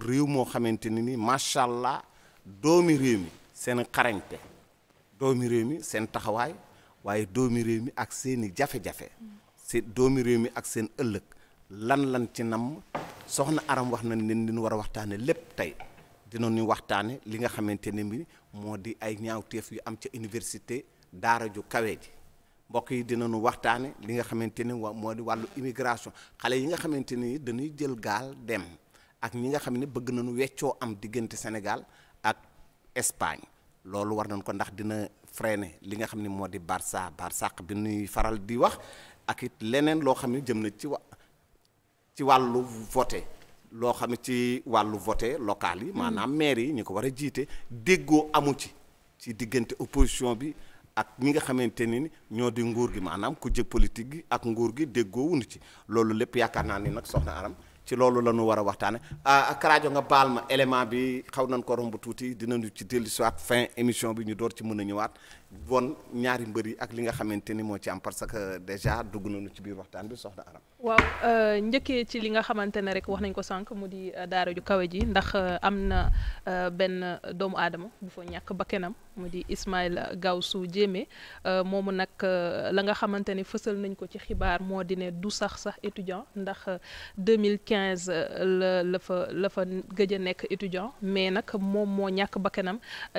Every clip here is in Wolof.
réew moo xamante ne ni macha allah doomi réew mi seen xarañte doomi réew mi seen taxawaay waaye doomi réew mi ak seeni jafe-jafe si doomi réew mi ak seen ëllëg lan lan ci namm soxna aram wax nañ leen li war a waxtaane lépp tey dinañu waxtaane li nga xamante ne bi moo di ay ñaawteef yu am ca université daara ju kawe ji mbokk yi dinañu waxtaane li nga xamante ne moo di wàllu immigration xale yi nga xamante ni dañuy jël gaal dem ak ñi nga xam ne bëgg nañu weccoo am diggante Sénégal ak Espagne loolu war nañ ko ndax dina freiner li nga xam ni moo di Barça Barsaq bi nuy faral di wax ak it leneen loo xam ne jëm na ci wa ci wàllu voté loo xam ne ci wàllu voté local yi mm. maanaam maire yi ñu ko war a jiite déggoo amu ci ci diggante opposition bi ak ñi nga xamante ni ñoo di nguur gi maanaam ku jëg politique gi ak nguur gi déggoo wuñu ci loolu lépp yaakaar naa ni nag soxna Aram ci loolu la ñu war a waxtaane ah, Karajo nga baal ma élément bi xaw nañ ko romb tuuti dinañu ci dellu dellusiwaat fin émission bi ñu door ci mën a ñëwaat won ñaari mbër yi ak li nga xamante ni moo ci am parce que déjà dugg nañu ci biir waxtaan bi soxla Aram. waaw euh, njëkkee ci li nga xamante ne rek wax nañ ko sànq mu di euh, daara ju kawe ji ndax euh, am na benn doomu aadama bu fa ñàkk bakkenam mu di gaaw Gawsu Jéeme moomu nag la nga xamante ne fësal nañ ko ci xibaar moo di ne du sax sax étudiant ndax 2015 la la fa la fa gëj a nekk étudiant mais nag moom moo ñàkk bakkenam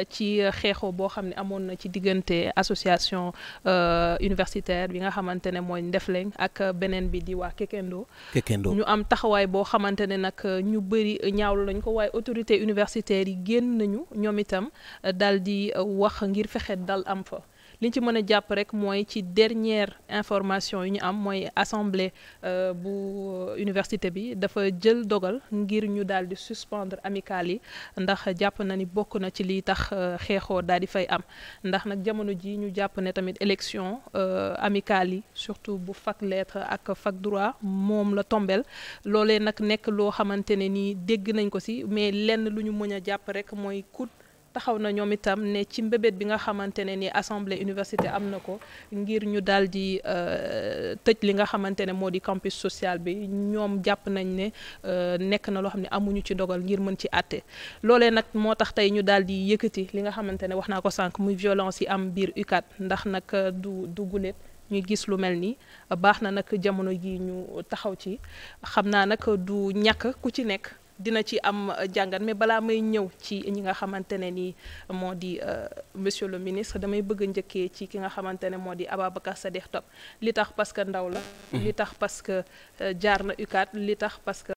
ci xeexoo boo xam ne amoon na ci diggante. te association euh, universitaire bi nga xamante ne mooy Ndefleng ak beneen bi di waa Kekendo. Kekendo ñu am taxawaay boo xamante ne nag ñu bëri ñaawlu lañu ko waaye autorité universitaire yi génn nañu ñoom itam dal di wax ngir fexe dal am fa. li ñu ci mën a jàpp rek mooy ci dernière information yu ñu am mooy assemblée euh, bu euh, université bi dafa jël dogal ngir ñu daal di suspendre amicale yi ndax jàpp na ni bokk na ci liy tax euh, xeexoo daal di fay am ndax nag jamono ji ñu jàpp ne tamit élection amicale yi surtout bu fac lettre ak fac droit moom la tombel loolee nag nekk loo xamante ne nii dégg nañ ko si mais lenn lu ñu mën a jàpp rek mooy coût taxaw na ñoom itam ne ci mbébét bi nga xamante ne ni assemblée université am na ko ngir ñu daal di euh, tëj li nga xamante ne moo di campus social bi ñoom jàpp nañ ne euh, nekk na loo xam ne amuñu ci dogal ngir mën ci àtte loolee nag moo tax tey ñu daal di yëkkati li nga xamante ne wax naa ko sànq muy violence yi am biir UCAD ndax nag euh, du du guléet ñu gis lu mel nii baax na nag jamono gi ñu taxaw ci xam naa nag du ñàkk ku ci nekk dina ci am euh, jàngat mais balaa may ñëw ci ñi nga xamante ne ni euh, moo di euh, monsieur le ministre damay bëgg njëkkee ci ki nga xamante ne moo di Ababacar Sadikh Top li tax parce que ndaw la. Mm-hmm. li tax parce que jaar na UCAD li tax parce que.